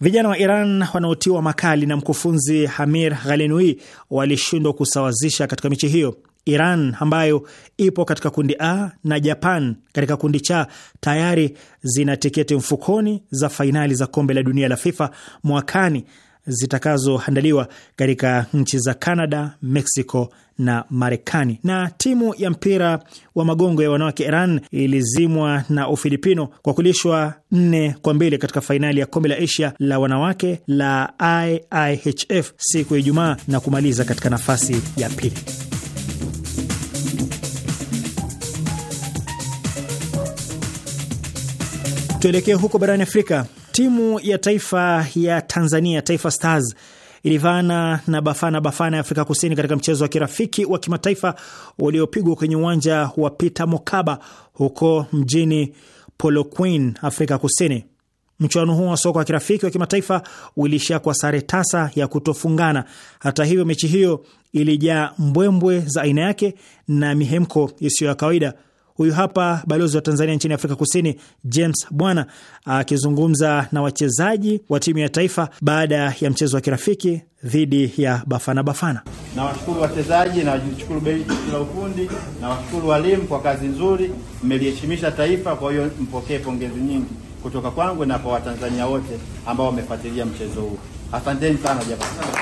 Vijana wa Iran wanaotiwa makali na mkufunzi Hamir Ghalenui walishindwa kusawazisha katika mechi hiyo. Iran ambayo ipo katika kundi A na Japan katika kundi cha tayari zina tiketi mfukoni za fainali za kombe la dunia la FIFA mwakani zitakazoandaliwa katika nchi za Canada, Mexico na Marekani. Na timu ya mpira wa magongo ya wanawake Iran ilizimwa na Ufilipino kwa kulishwa nne kwa mbili katika fainali ya kombe la Asia la wanawake la IIHF siku ya Ijumaa na kumaliza katika nafasi ya pili. Tuelekee huko barani Afrika. Timu ya taifa ya Tanzania, Taifa Stars ilivana na Bafana Bafana ya Afrika Kusini katika mchezo wa kirafiki wa kimataifa uliopigwa kwenye uwanja wa Peter Mokaba huko mjini Polokwane, Afrika Kusini. Mchuano huo wa soka wa kirafiki wa kimataifa uliishia kwa sare tasa ya kutofungana. Hata hivyo, mechi hiyo ilijaa mbwembwe za aina yake na mihemko isiyo ya kawaida. Huyu hapa balozi wa Tanzania nchini Afrika Kusini, James Bwana, akizungumza na wachezaji wa timu ya taifa baada ya mchezo wa kirafiki dhidi ya Bafana Bafana. Nawashukuru wachezaji, nawashukuru benchi la ufundi, nawashukuru walimu kwa kazi nzuri. Mmeliheshimisha taifa, kwa hiyo mpokee pongezi nyingi kutoka kwangu na kwa Watanzania wote ambao wamefuatilia mchezo huu. Asanteni sana jamani,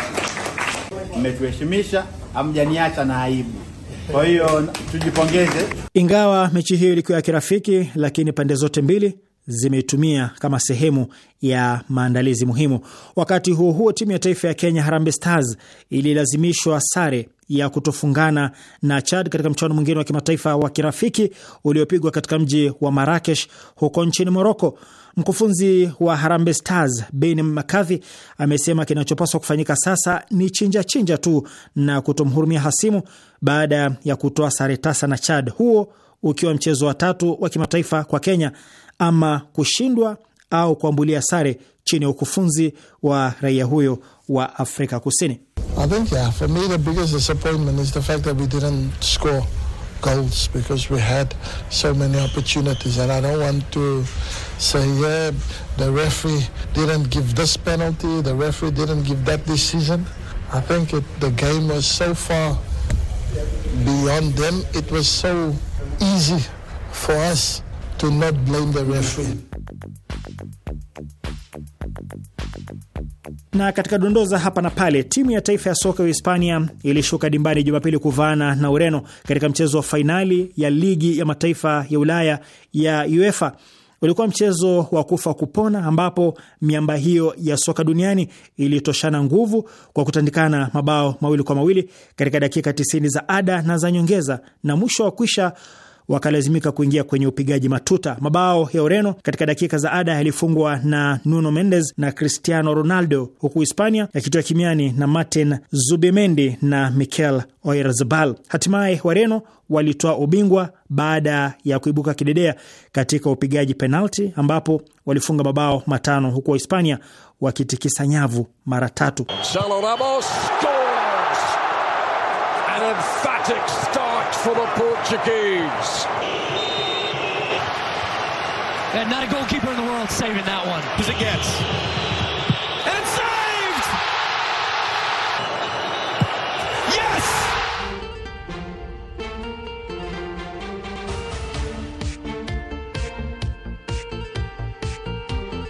mmetuheshimisha, hamjaniacha na aibu. Kwa hiyo tujipongeze. Ingawa mechi hiyo ilikuwa ya kirafiki, lakini pande zote mbili zimeitumia kama sehemu ya maandalizi muhimu. Wakati huo huo, timu ya taifa ya Kenya, Harambee Stars, ililazimishwa sare ya kutofungana na Chad katika mchuano mwingine wa kimataifa wa kirafiki uliopigwa katika mji wa Marakesh huko nchini Moroko. Mkufunzi wa Harambee Stars Ben McCarthy amesema kinachopaswa kufanyika sasa ni chinja chinja tu na kutomhurumia hasimu baada ya kutoa sare tasa na Chad, huo ukiwa mchezo wa tatu wa kimataifa kwa Kenya, ama kushindwa au kuambulia sare chini ya ukufunzi wa raia huyo wa Afrika Kusini. think, yeah, me goals because we had so many opportunities and I don't want to say, yeah, the referee didn't give this penalty, the referee didn't give that decision. I think it, the game was so far beyond them, it was so easy for us to not blame the referee. Na katika dondoza hapa na pale, timu ya taifa ya soka ya Hispania ilishuka dimbani Jumapili kuvaana na Ureno katika mchezo wa fainali ya ligi ya mataifa ya Ulaya ya UEFA. Ulikuwa mchezo wa kufa kupona, ambapo miamba hiyo ya soka duniani ilitoshana nguvu kwa kutandikana mabao mawili kwa mawili katika dakika 90 za ada na za nyongeza, na mwisho wa kwisha wakalazimika kuingia kwenye upigaji matuta. Mabao ya Ureno katika dakika za ada yalifungwa na Nuno Mendes na Cristiano Ronaldo, huku Hispania yakitoa kimiani na Martin Zubimendi na Mikel Oyarzabal. Hatimaye Wareno walitoa ubingwa baada ya kuibuka kidedea katika upigaji penalti, ambapo walifunga mabao matano, huku Wahispania wakitikisa nyavu mara tatu blocked for the Portuguese. And not a goalkeeper in the world saving that one. Because it gets. And it's saved! Yes!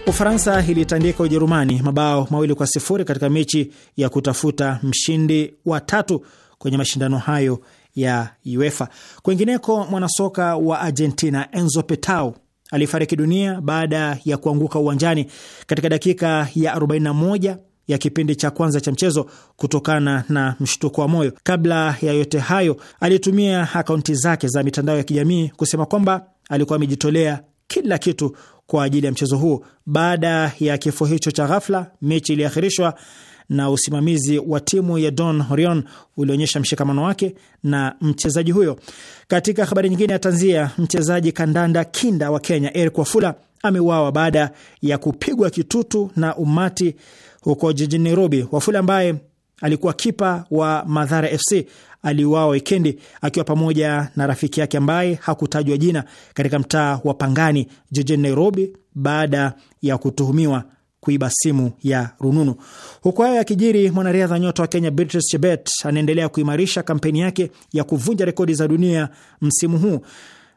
Ufaransa ilitandika Ujerumani mabao mawili kwa sifuri katika mechi ya kutafuta mshindi wa tatu kwenye mashindano hayo ya UEFA. Kwingineko, mwanasoka wa Argentina Enzo Petao alifariki dunia baada ya kuanguka uwanjani katika dakika ya 41 ya kipindi cha kwanza cha mchezo kutokana na mshtuko wa moyo. Kabla ya yote hayo, alitumia akaunti zake za mitandao ya kijamii kusema kwamba alikuwa amejitolea kila kitu kwa ajili ya mchezo huo. Baada ya kifo hicho cha ghafla, mechi iliahirishwa na usimamizi wa timu ya Don Horion ulionyesha mshikamano wake na mchezaji huyo. Katika habari nyingine ya tanzia, mchezaji kandanda kinda wa Kenya Eric Wafula ameuawa baada ya kupigwa kitutu na umati huko jijini Nairobi. Wafula ambaye alikuwa kipa wa Madhara FC aliuawa wikendi akiwa pamoja na rafiki yake ambaye hakutajwa jina katika mtaa wa Pangani jijini Nairobi baada ya kutuhumiwa kuiba simu ya rununu. Huku hayo yakijiri, mwanariadha nyota wa Kenya Beatrice Chebet anaendelea kuimarisha kampeni yake ya kuvunja rekodi za dunia msimu huu.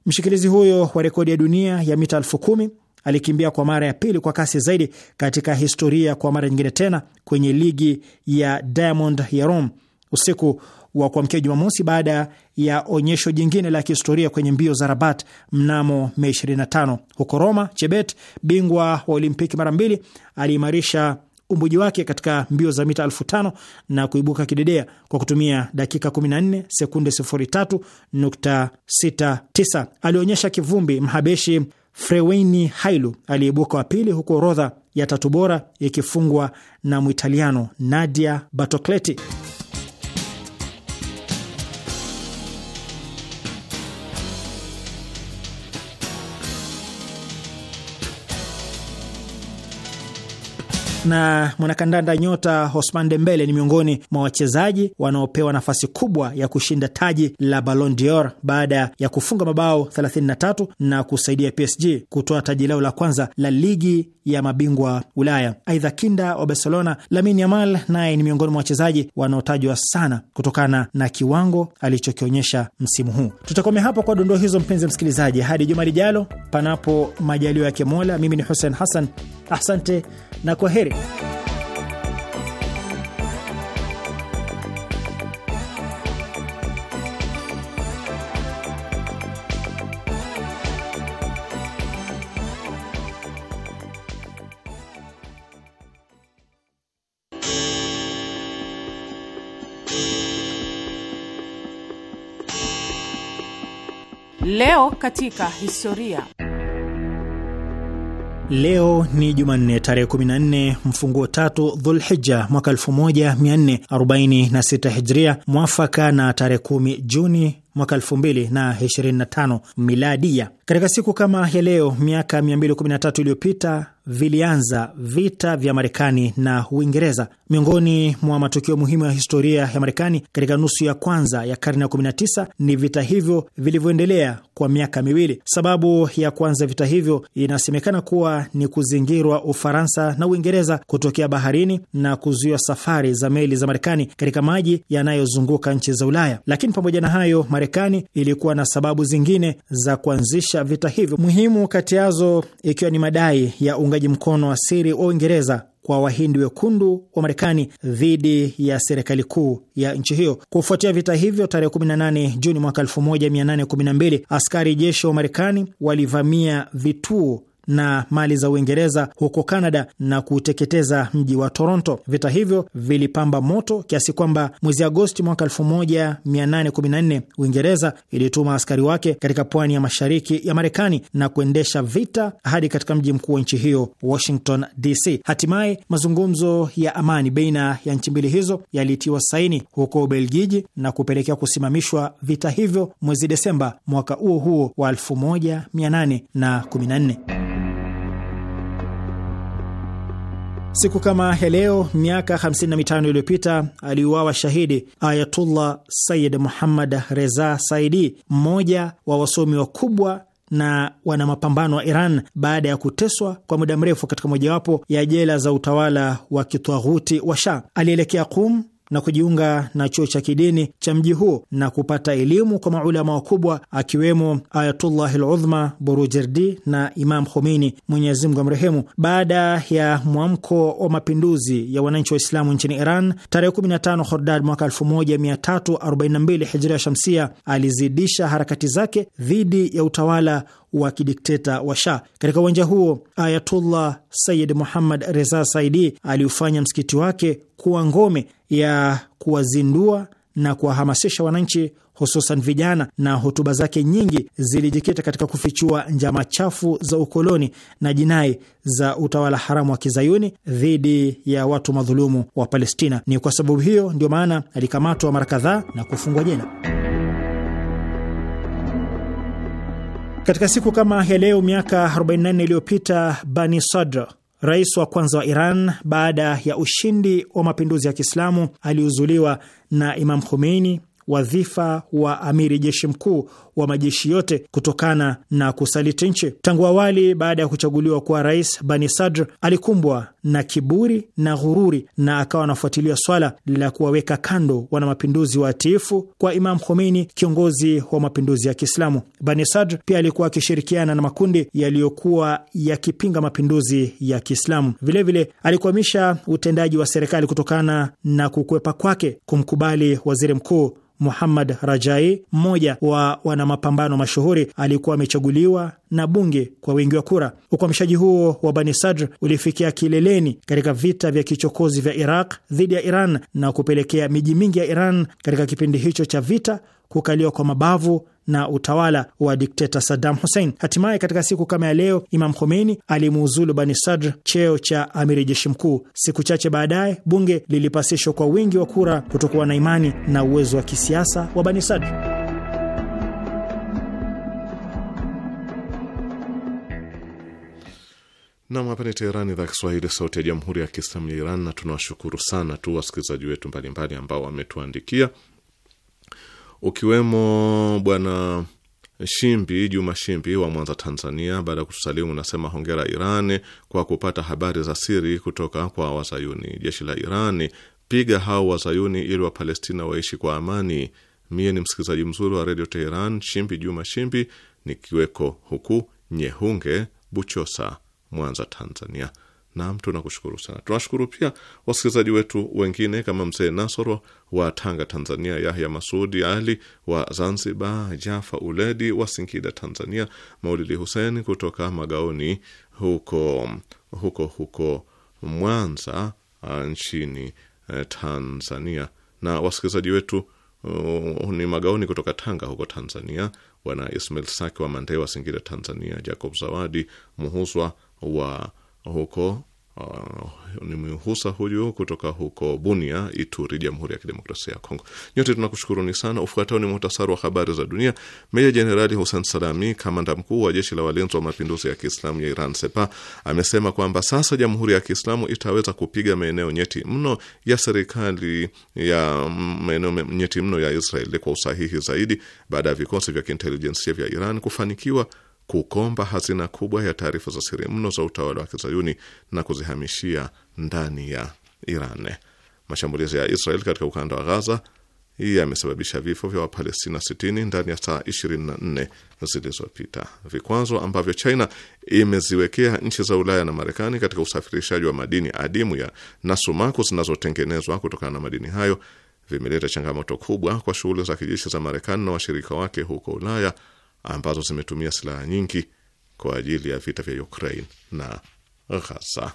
Mshikilizi huyo wa rekodi ya dunia ya mita elfu kumi alikimbia kwa mara ya pili kwa kasi zaidi katika historia kwa mara nyingine tena kwenye ligi ya Diamond ya Rome usiku wa kuamkia Jumamosi baada ya onyesho jingine la kihistoria kwenye mbio za Rabat mnamo Mei 25. Huko Roma, Chebet, bingwa wa Olimpiki mara mbili, aliimarisha umbuji wake katika mbio za mita elfu tano na kuibuka kidedea kwa kutumia dakika 14 sekunde 03.69. Alionyesha kivumbi Mhabeshi Freweni Hailu aliyeibuka wa pili, huku orodha ya tatu bora ikifungwa na Mwitaliano Nadia Batocleti. na mwanakandanda nyota Osman Dembele ni miongoni mwa wachezaji wanaopewa nafasi kubwa ya kushinda taji la Ballon d'Or baada ya kufunga mabao 33 na kusaidia PSG kutoa taji lao la kwanza la ligi ya mabingwa Ulaya. Aidha, kinda wa Barcelona Lamine Yamal naye ni miongoni mwa wachezaji wanaotajwa sana kutokana na kiwango alichokionyesha msimu huu. Tutakomea hapo kwa dondoo hizo, mpenzi msikilizaji, hadi juma lijalo, panapo majalio yake Mola. Mimi ni Hussein Hassan, Asante na kwa heri. Leo katika historia. Leo ni Jumanne tarehe 14 mfunguo tatu Dhulhija mwaka 1446 Hijria, mwafaka na tarehe 10 Juni mwaka 2025 miladia. Katika siku kama ya leo miaka 213 iliyopita vilianza vita vya Marekani na Uingereza. Miongoni mwa matukio muhimu ya historia ya Marekani katika nusu ya kwanza ya karne ya 19 ni vita hivyo vilivyoendelea kwa miaka miwili. Sababu ya kuanza vita hivyo inasemekana kuwa ni kuzingirwa Ufaransa na Uingereza kutokea baharini na kuzuiwa safari za meli za Marekani katika maji yanayozunguka nchi za Ulaya. Lakini pamoja na hayo Marekani ilikuwa na sababu zingine za kuanzisha vita hivyo, muhimu kati yazo ikiwa ni madai ya uungaji mkono wa siri wa Uingereza kwa wahindi wekundu wa Marekani dhidi ya serikali kuu ya nchi hiyo. Kufuatia vita hivyo, tarehe 18 Juni mwaka 1812 askari jeshi wa Marekani walivamia vituo na mali za Uingereza huko Canada na kuteketeza mji wa Toronto. Vita hivyo vilipamba moto kiasi kwamba mwezi Agosti mwaka 1814 Uingereza ilituma askari wake katika pwani ya mashariki ya Marekani na kuendesha vita hadi katika mji mkuu wa nchi hiyo Washington DC. Hatimaye mazungumzo ya amani baina ya nchi mbili hizo yalitiwa saini huko Ubelgiji na kupelekea kusimamishwa vita hivyo mwezi Desemba mwaka huo huo wa 1814. Siku kama ya leo miaka 55 iliyopita aliuawa shahidi Ayatullah sayid Muhammad Reza Saidi, mmoja wa wasomi wakubwa na wana mapambano wa Iran baada ya kuteswa kwa muda mrefu katika mojawapo ya jela za utawala wa kitwaghuti wa Shah. Alielekea Qum na kujiunga na chuo cha kidini cha mji huo na kupata elimu kwa maulama wakubwa akiwemo Ayatullah Ludhma burujerdi na Imam Khomeini, Mwenyezi Mungu amrehemu. Baada ya mwamko wa mapinduzi ya wananchi wa islamu nchini Iran tarehe 15 Hordad mwaka 1342 Hijria Shamsia, alizidisha harakati zake dhidi ya utawala wa kidikteta wa Shah. Katika uwanja huo, Ayatullah Sayid Muhammad Reza Saidi aliufanya msikiti wake kuwa ngome ya kuwazindua na kuwahamasisha wananchi hususan vijana, na hotuba zake nyingi zilijikita katika kufichua njama chafu za ukoloni na jinai za utawala haramu wa kizayuni dhidi ya watu madhulumu wa Palestina. Ni kwa sababu hiyo ndio maana alikamatwa mara kadhaa na kufungwa jela. Katika siku kama ya leo miaka 44 iliyopita Bani Sadr rais wa kwanza wa Iran baada ya ushindi wa mapinduzi ya Kiislamu aliuzuliwa na Imam Khomeini wadhifa wa amiri jeshi mkuu wa majeshi yote kutokana na kusaliti nchi. Tangu awali, baada ya kuchaguliwa kuwa rais, Bani Sadr alikumbwa na kiburi na ghururi na akawa anafuatilia swala la kuwaweka kando wana mapinduzi watiifu kwa Imam Khomeini, kiongozi wa mapinduzi ya Kiislamu. Bani Sadr pia alikuwa akishirikiana na makundi yaliyokuwa yakipinga mapinduzi ya Kiislamu. Vilevile alikwamisha utendaji wa serikali kutokana na kukwepa kwake kumkubali waziri mkuu Muhammad Rajai, mmoja wa wana mapambano mashuhuri alikuwa amechaguliwa na bunge kwa wingi wa kura. Ukwamishaji huo wa Bani Sadr ulifikia kileleni katika vita vya kichokozi vya Iraq dhidi ya Iran na kupelekea miji mingi ya Iran katika kipindi hicho cha vita kukaliwa kwa mabavu na utawala wa dikteta Saddam Hussein. Hatimaye katika siku kama ya leo, Imam Khomeini alimuuzulu Bani Sadr cheo cha amiri jeshi mkuu. Siku chache baadaye bunge lilipasishwa kwa wingi wa kura kutokuwa na imani na uwezo wa kisiasa wa Bani Sadr. Nam, hapa ni Teherani, idhaa Kiswahili, sauti ya jamhuri ya kiislamu ya Iran. Na tunawashukuru sana tu wasikilizaji wetu mbalimbali ambao wametuandikia, ukiwemo bwana Shimbi Juma Shimbi wa Mwanza, Tanzania. Baada ya kutusalimu, nasema hongera Iran kwa kupata habari za siri kutoka kwa Wazayuni. Jeshi la Irani, piga hao Wazayuni ili Wapalestina waishi kwa amani. Mie ni msikilizaji mzuri wa redio Teheran, Shimbi Juma Shimbi, nikiweko huku Nyehunge, Buchosa, Mwanza, Tanzania. Naam, tunakushukuru sana. Tunashukuru pia wasikilizaji wetu wengine kama mzee Nasoro wa Tanga, Tanzania, Yahya Masudi Ali wa Zanzibar, Jafa Uledi wa Singida, Tanzania, Maulidi huseni kutoka Magaoni huko huko huko Mwanza nchini eh, Tanzania, na wasikilizaji wetu uh, ni magaoni kutoka Tanga huko Tanzania, Bwana Ismail Saki wa Mandewa, Singida, Tanzania, Jacob Zawadi Muhuswa wa huko Uh, ni mhusa huyu kutoka huko Bunia, Ituri, Jamhuri ya Kidemokrasia ya Kongo. Nyote tunakushukuruni sana. Ufuatao ni muhtasari wa habari za dunia. Meja Jenerali Hussein Salami, kamanda mkuu wa jeshi la walinzi wa mapinduzi ya Kiislamu ya Iran Sepa, amesema kwamba sasa Jamhuri ya Kiislamu itaweza kupiga maeneo nyeti mno ya serikali ya mm, maeneo nyeti mno ya Israeli kwa usahihi zaidi baada ya vikosi vya kiintelijensia vya Iran kufanikiwa kukomba hazina kubwa ya taarifa za siri mno za utawala wa kizayuni na kuzihamishia ndani ya Iran. Mashambulizi ya Israel katika ukanda wa Ghaza yamesababisha vifo vya Wapalestina 60 ndani ya saa 24 zilizopita. Vikwazo ambavyo China imeziwekea nchi za Ulaya na Marekani katika usafirishaji wa madini adimu ya na sumaku zinazotengenezwa kutokana na madini hayo vimeleta changamoto kubwa kwa shughuli za kijeshi za Marekani na washirika wake huko Ulaya ambazo zimetumia silaha nyingi kwa ajili ya vita vya Ukraine na Ghaza.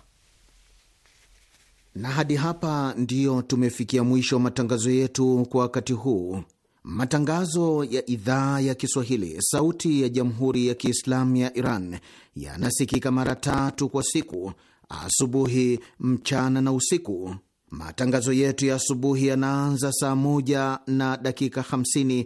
Na hadi hapa ndiyo tumefikia mwisho wa matangazo yetu kwa wakati huu. Matangazo ya idhaa ya Kiswahili, sauti ya jamhuri ya kiislamu ya Iran yanasikika mara tatu kwa siku: asubuhi, mchana na usiku. Matangazo yetu ya asubuhi yanaanza saa moja na dakika 50